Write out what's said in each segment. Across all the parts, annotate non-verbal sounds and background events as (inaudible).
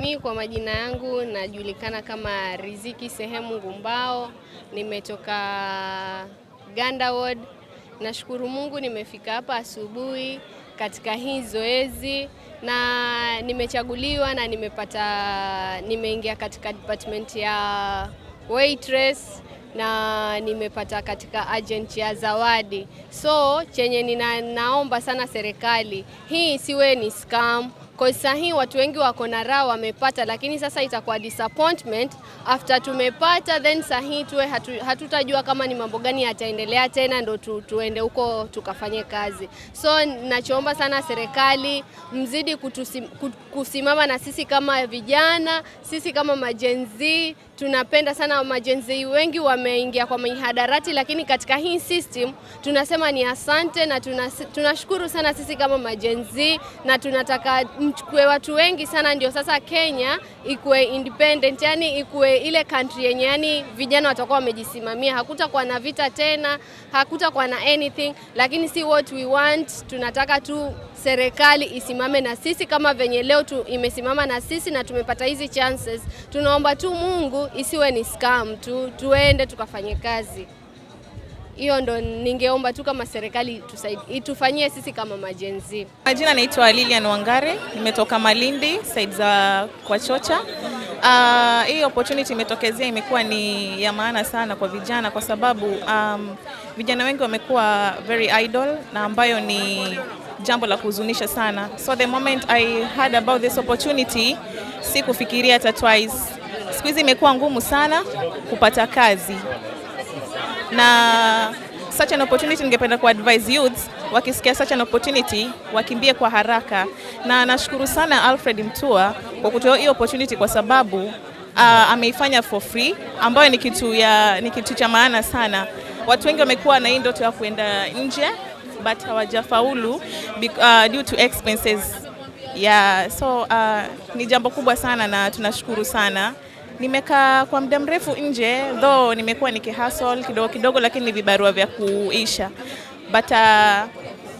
Mi kwa majina yangu najulikana kama Riziki Sehemu Ngumbao, nimetoka Ganda Ward. Nashukuru Mungu nimefika hapa asubuhi katika hii zoezi na nimechaguliwa na nimepata, nimeingia katika department ya waitress na nimepata katika agent ya zawadi. So chenye nina, naomba sana serikali hii isiwe ni scam kwa saa hii watu wengi wako na raha wamepata, lakini sasa itakuwa disappointment after tumepata, then saa hii tuwe hatu, hatutajua kama ni mambo gani yataendelea tena ndo tu, tuende huko tukafanye kazi. So nachoomba sana serikali mzidi kutusim, kusimama na sisi kama vijana, sisi kama majenzi tunapenda sana majenzi wengi wameingia kwa mihadarati, lakini katika hii system tunasema ni asante na tunashukuru tuna sana sisi kama majenzi, na tunataka mchukue watu wengi sana, ndio sasa Kenya ikuwe independent, yani ikuwe ile country yenye yani vijana watakuwa wamejisimamia. Hakutakuwa na vita tena, hakutakuwa na anything, lakini si what we want, tunataka tu serikali isimame na sisi kama venye leo tu imesimama na sisi na tumepata hizi chances. Tunaomba tu Mungu isiwe ni scam tu, tuende tukafanye kazi. Hiyo ndo ningeomba tu kama serikali itufanyie sisi kama majenzi. Majina naitwa Lilian Wangare, nimetoka Malindi side za Kwachocha. Uh, ah, hii opportunity imetokezea, imekuwa ni ya maana sana kwa vijana kwa sababu um, vijana wengi wamekuwa very idle na ambayo ni jambo la kuhuzunisha sana. So the moment I heard about this opportunity, sikufikiria hata twice. Siku hizi imekuwa ngumu sana kupata kazi na such an opportunity, ningependa ku advise youths wakisikia such an opportunity wakimbie kwa haraka, na nashukuru sana Alfred Mtua kwa kutoa hiyo opportunity kwa sababu uh, ameifanya for free, ambayo ni kitu ya ni kitu cha maana sana. Watu wengi wamekuwa na hii ndoto ya kuenda nje but hawajafaulu uh, due to expenses yeah, so uh, ni jambo kubwa sana na tunashukuru sana. Nimekaa kwa muda mrefu nje though, nimekuwa nikihustle kidogo kidogo, lakini ni vibarua vya kuisha but uh,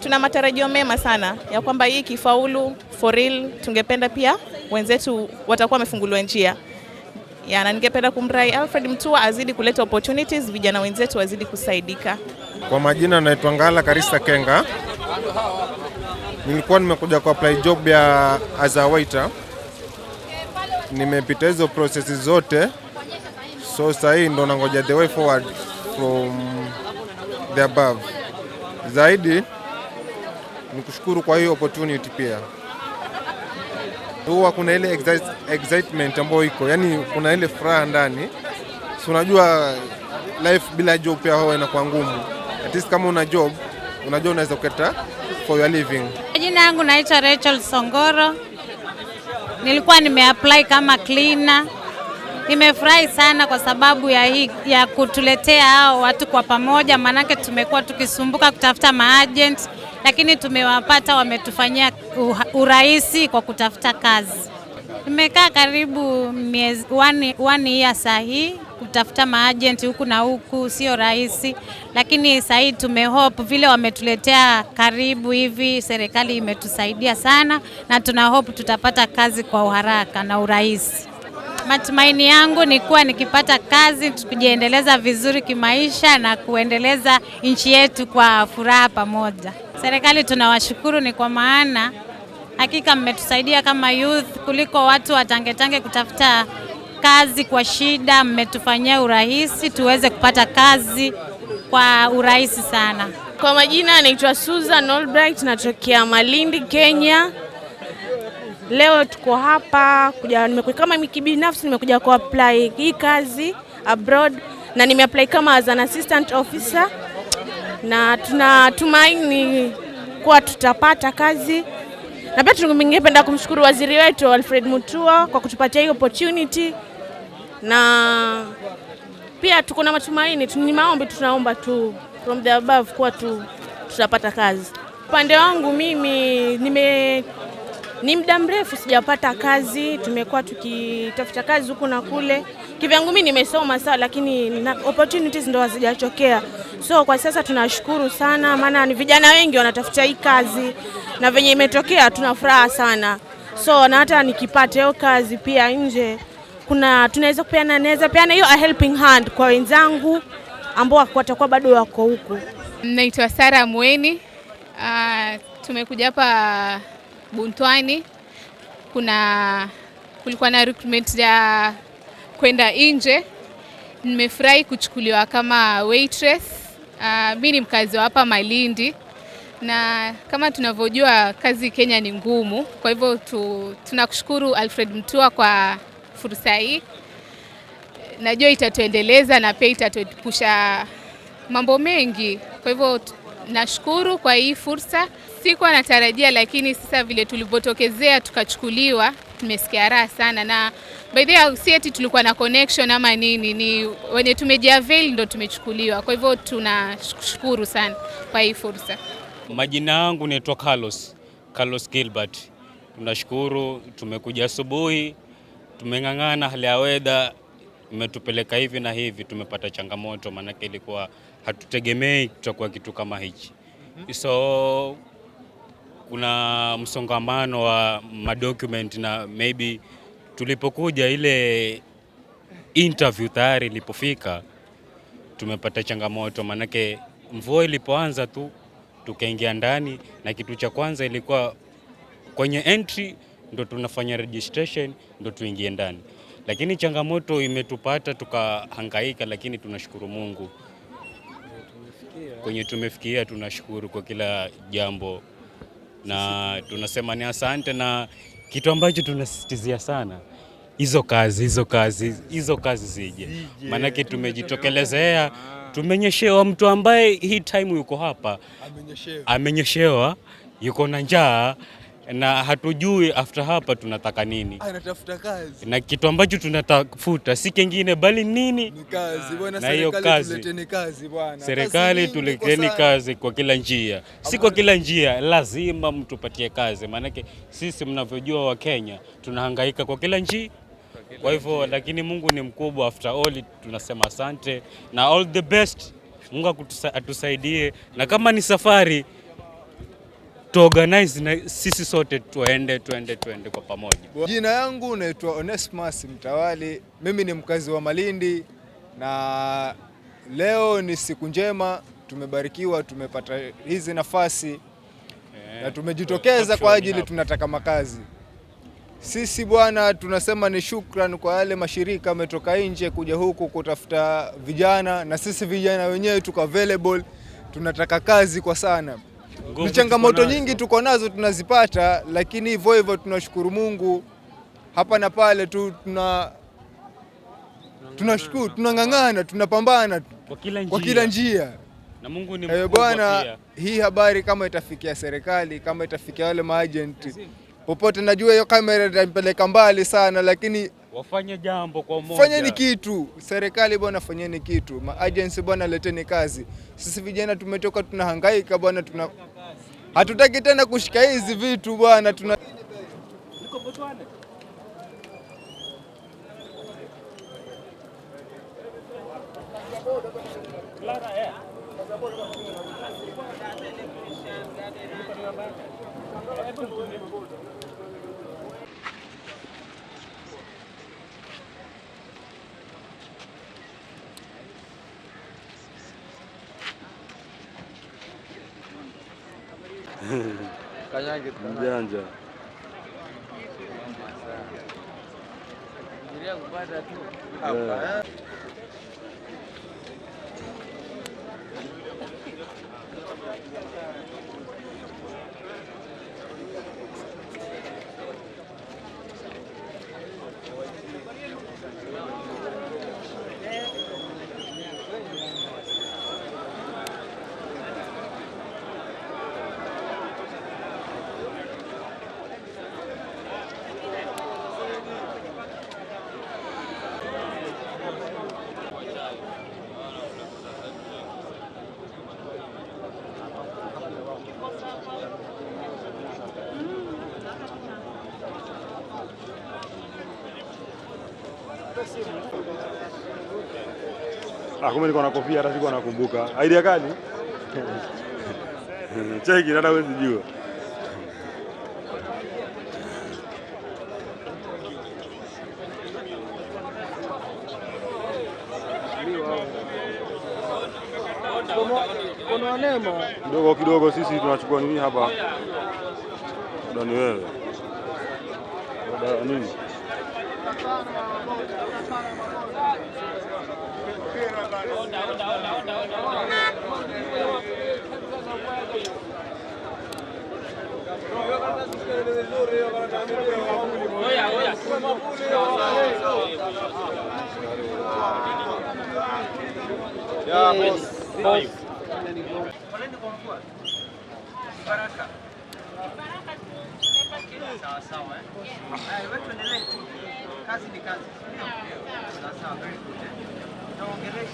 tuna matarajio mema sana ya kwamba hii kifaulu for real, tungependa pia wenzetu watakuwa wamefunguliwa njia ya, na ningependa kumrai Alfred Mutua azidi kuleta opportunities, vijana wenzetu wazidi kusaidika. Kwa majina naitwa Ngala karista Kenga. Nilikuwa nimekuja kwa apply job ya as a waiter, nimepita hizo processes zote, so sasa hii ndo nangoja the way forward from the above. Zaidi nikushukuru kwa hii opportunity pia huwa kuna ile excitement ambayo iko yani, kuna ile furaha ndani, si unajua life bila job pia huwa inakuwa ngumu. At least kama una job unajua unaweza kuketa for your living. Jina yangu naitwa Rachel Songoro, nilikuwa nimeapply kama cleaner. Nimefurahi sana kwa sababu ya, hii, ya kutuletea hao watu kwa pamoja, maanake tumekuwa tukisumbuka kutafuta maagent, lakini tumewapata, wametufanyia urahisi kwa kutafuta kazi. Nimekaa karibu miezi one year saa kutafuta maajenti huku na huku sio rahisi, lakini sasa hivi tumehope vile wametuletea karibu hivi, serikali imetusaidia sana, na tuna hope tutapata kazi kwa uharaka na urahisi. Matumaini yangu ni kuwa nikipata kazi tukujiendeleza vizuri kimaisha na kuendeleza nchi yetu kwa furaha pamoja. Serikali tunawashukuru, ni kwa maana hakika mmetusaidia kama youth kuliko watu watangetange kutafuta kazi kwa shida, mmetufanyia urahisi tuweze kupata kazi kwa urahisi sana. Kwa majina anaitwa Susan Albright, natokea Malindi, Kenya. Leo tuko hapa kuja, nimekuja kama mimi binafsi nimekuja ku apply hii kazi abroad na nimeapply kama as an assistant officer, na tunatumaini kuwa tutapata kazi, na pia tungependa kumshukuru waziri wetu Alfred Mutua kwa kutupatia hii opportunity na pia tuko na matumaini, ni maombi, tunaomba tu from the above kuwa tu tutapata kazi. Upande wangu mimi nime ni muda mrefu sijapata kazi, tumekuwa tukitafuta kazi huku na kule. Kivyangu mimi nimesoma sawa, lakini na opportunities ndo hazijatokea. So kwa sasa tunashukuru sana, maana ni vijana wengi wanatafuta hii kazi na venye imetokea, tuna furaha sana. So na hata nikipata hiyo kazi pia nje kuna tunaweza kupeana, naweza peana hiyo a helping hand kwa wenzangu ambao watakuwa bado wako huku. Naitwa Sara Mweni. Uh, tumekuja hapa Buntwani, kuna kulikuwa na recruitment ya kwenda nje. Nimefurahi kuchukuliwa kama waitress. Uh, mi ni mkazi wa hapa Malindi na kama tunavyojua kazi Kenya ni ngumu, kwa hivyo tu, tunakushukuru Alfred Mutua kwa fursa hii, najua itatuendeleza na pia itatuepusha mambo mengi. Kwa hivyo nashukuru kwa hii fursa, sikuwa natarajia, lakini sasa vile tulivyotokezea tukachukuliwa, tumesikia raha sana. Na by the way, si eti tulikuwa na connection ama nini, ni wenye tumejiavail ndo tumechukuliwa. Kwa hivyo tunashukuru sana kwa hii fursa. Majina yangu naitwa Carlos, Carlos Gilbert. Tunashukuru tumekuja asubuhi tumeng'ang'ana, hali ya weather imetupeleka hivi na hivi, tumepata changamoto, maanake ilikuwa hatutegemei kutakuwa kitu kama hichi. Mhm. So kuna msongamano wa madocument na maybe tulipokuja ile interview tayari ilipofika tumepata changamoto, maanake mvua ilipoanza tu tukaingia ndani, na kitu cha kwanza ilikuwa kwenye entry ndo tunafanya registration ndo tuingie ndani, lakini changamoto imetupata tukahangaika, lakini tunashukuru Mungu kwenye tumefikia. Tunashukuru kwa kila jambo na tunasema ni asante, na kitu ambacho tunasisitizia sana hizo kazi hizo kazi hizo kazi zije, maanake tumejitokelezea tumenyeshewa. Mtu ambaye hii time yuko hapa amenyeshewa, yuko na njaa na hatujui after hapa tunataka nini. Anatafuta kazi na kitu ambacho tunatafuta si kingine bali nini? Ni kazi bwana. Na hiyo kazi, serikali tuleteni kazi kwa kila njia, si kwa kila njia, lazima mtupatie kazi, maanake sisi mnavyojua, wa kenya tunahangaika kwa kila njia kwa hivyo lakini Mungu ni mkubwa, after all tunasema asante na all the best. Mungu atusaidie, na kama ni safari tuorganize na sisi sote tuende tuende tuende kwa pamoja. Jina yangu naitwa Onesmus Mtawali, mimi ni mkazi wa Malindi na leo ni siku njema, tumebarikiwa, tumepata hizi nafasi eh, na tumejitokeza kwa ajili tunataka makazi. Sisi bwana, tunasema ni shukran kwa yale mashirika ametoka nje kuja huku kutafuta vijana, na sisi vijana wenyewe tuko available, tunataka kazi kwa sana ni changamoto nyingi tuko nazo tunazipata, lakini hivyo hivyo tunashukuru Mungu hapa na pale tu tuna tunashukuru, tunang'ang'ana, tunapambana kwa kila njia, kwa kila njia. Na Mungu ni eh, mkubwa bwana. Hii habari kama itafikia serikali, kama itafikia wale maajenti popote, najua hiyo kamera itampeleka mbali sana, lakini wafanye jambo kwa umoja. Fanyeni kitu serikali bwana, fanyeni kitu maajensi bwana, leteni kazi. Sisi vijana tumetoka tunahangaika bwana, tuna hatutaki tena kushika hizi vitu bwana, tuna 까냐겠다. 이제 앉아. 이래야 우바다 또. Ah, kumbe niko na kofia hata siku anakumbuka. Aidia kali. (laughs) Cheki hata wezi sijua. Kidogo kidogo sisi tunachukua nini hapa? Dani wewe. Nini? Ya, pues.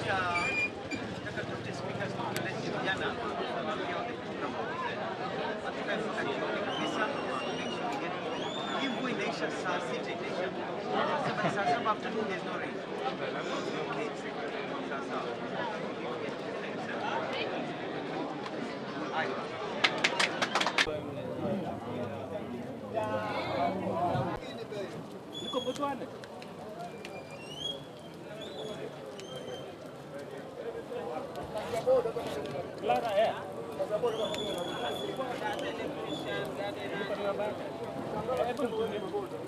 saa sita itaisha. Saa saba afternoon there's no rain. Okay. Sasa. Niko Botswana. Thank eh? you.